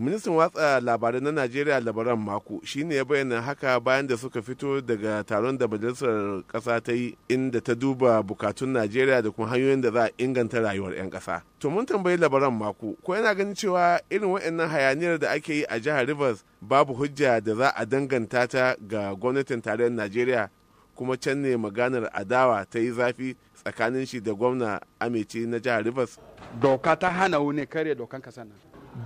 ministan watsa labarai na najeriya labaran mako shine ya bayyana haka bayan da suka fito daga taron da majalisar kasa ta yi inda ta duba bukatun najeriya da kuma hanyoyin da za a inganta rayuwar 'yan kasa to mun tambayi labaran mako ko yana ganin cewa irin waɗannan hayaniyar da ake yi a jihar rivers babu hujja da za a danganta ta ga gwamnatin tarayyar najeriya kuma can ne maganar adawa ta yi zafi tsakanin shi da gwamna Amici na jihar rivers doka ta hana wuni, karya dokan kasa nan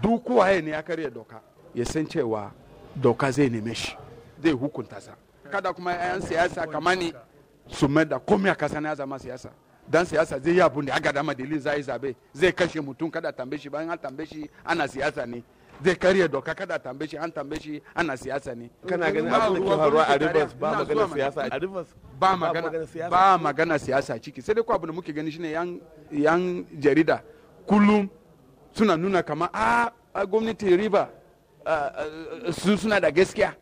duk waye ne ya karya doka ya san cewa doka zai neme shi zai hukunta sa kada kuma 'yan siyasa kamani su mai da komai a kasa na zama siyasa dan siyasa zai yi abun da aka dama dalilin za zabe zai kashe mutum kada tambe shi bayan an tambe shi ana siyasa ne zai karya doka kada tambe shi an tambe shi ana siyasa ne kana ganin abin da ke faruwa a rivers ba magana siyasa a rivers ba magana ba magana siyasa ciki sai dai ko abin da muke gani shine yan yan jarida kullum suna nuna kama a ah, ah, gwamnati riba ah, sun suna da gaskiya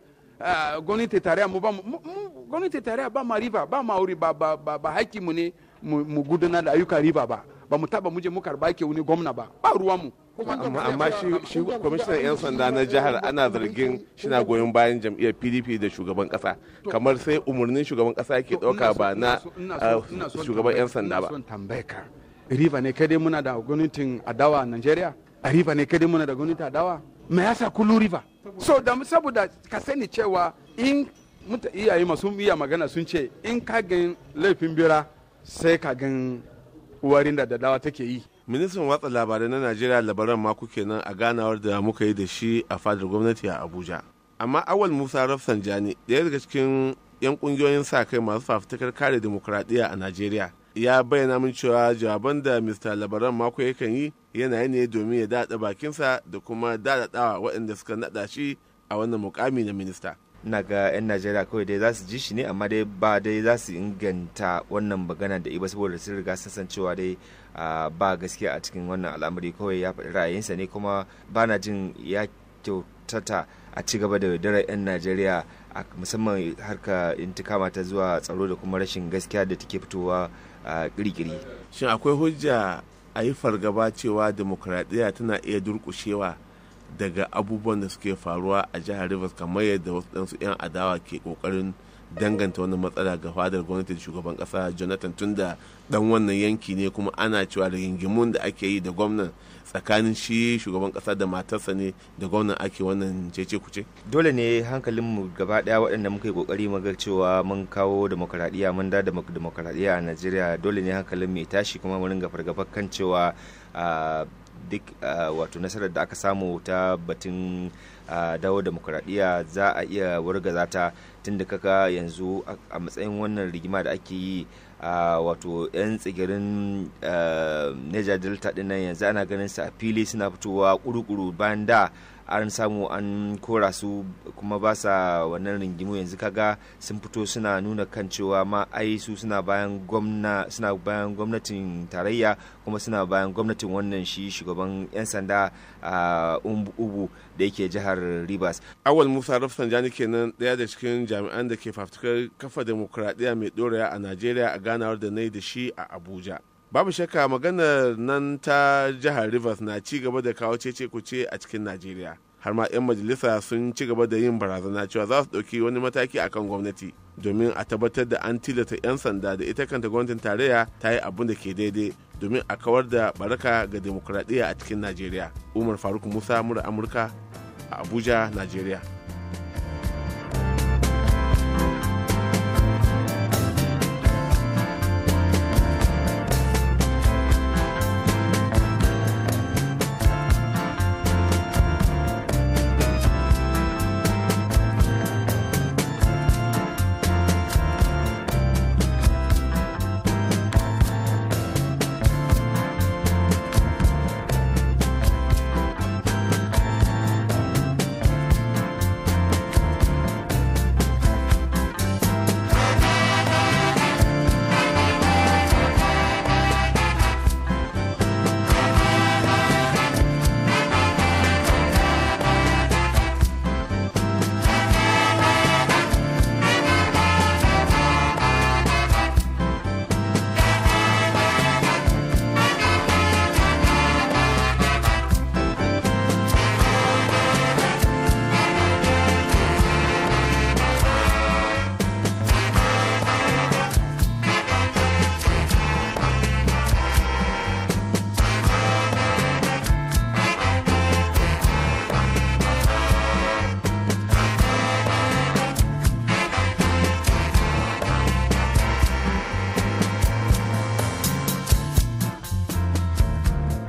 gwamnati tare mu ba mu gwamnati tarayya ba ma riba ba ma ba ba haƙƙi mu ne mu gudana da ayyuka riba ba ba mu taba muje mu karba ke wani gwamna ba ba ruwan mu amma shi kwamishinan 'yan sanda na jihar ana zargin shina goyon bayan jam'iyyar pdp da shugaban kasa kamar sai umarnin shugaban kasa ke dauka ba na shugaban 'yan sanda ba riba ne kadai muna da gwamnatin adawa a Najeriya riba ne kadai muna da gwamnatin adawa me yasa kullu riba so da saboda ka sani cewa in muta iyaye masu iya magana sun ce in ka gan laifin bira sai ka gan warin da dadawa take yi ministan watsa labarai na najeriya labaran mako kenan a ganawar da muka yi da shi a fadar gwamnati a abuja amma awal musa rafsanjani ɗaya daga cikin 'yan kungiyoyin sa kai masu fafutukar kare demokuraɗiyya a najeriya ya bayyana min cewa jawaban da mr labaran mako yakan yi yana ne domin ya daɗa bakinsa da kuma daɗaɗawa waɗanda suka naɗa shi a wannan mukami na minista ina ga 'yan najeriya kawai dai za su ji shi ne amma dai ba dai za su inganta wannan magana da iba saboda sun riga sun san cewa dai ba gaskiya a cikin wannan al'amari kawai ya faɗi ra'ayinsa ne kuma ba na jin ya tata a ci gaba da yaudarar 'yan najeriya musamman harka intikama ta zuwa tsaro da kuma rashin gaskiya da take fitowa a kirkiri shin akwai hujja a yi fargaba cewa demokradiyya tana iya durƙushewa. daga abubuwan da suke faruwa a jihar rivers kamar yadda wasu 'yan adawa ke kokarin danganta wani matsala ga fadar da shugaban kasa jonathan tunda dan wannan yanki ne kuma ana cewa rigingimun da ake yi da gwamnan tsakanin shi shugaban kasa da matarsa ne da gwamnan ake wannan cece kuce dole ne hankalin mu gaba daya waɗanda muka yi kokari muga cewa mun kawo demokradiya mun da demokradiya a najeriya dole ne hankalin mu tashi kuma mu ringa fargabar kan cewa ah, duk ah, wato nasarar da aka samu ta batun ah, dawo demokuraɗiyya za a iya wargaza ta tun da kaka yanzu a matsayin wannan rigima da ake yi ah, wato 'yan tsigirin niger delta ɗin yanzu ana ganin sa fili suna fitowa kuru-kuru bayan da an samu an kora su kuma ba sa wannan ringimu yanzu kaga sun fito suna nuna kan cewa ma ai su suna bayan gwamna suna bayan gwamnatin tarayya kuma suna bayan gwamnatin wannan shi shugaban yan sanda a ubu da yake jihar rivers awal musa jani kenan daya da cikin jami'an da ke fafutukar kafa demokradiyya mai dorewa a najeriya a ganawar da na da shi a abuja babu shakka maganar nan ta jihar rivers na ci gaba da kawo cece kuce a cikin najeriya har ma 'yan majalisa sun ci gaba da yin barazana cewa za su ɗauki wani mataki a kan gwamnati domin a tabbatar da an tilata 'yan sanda da ita kanta gwamnatin tarayya ta yi abin da ke daidai domin a kawar da baraka ga demokuraɗiyya a cikin najeriya umar faruk musa mura amurka a abuja najeriya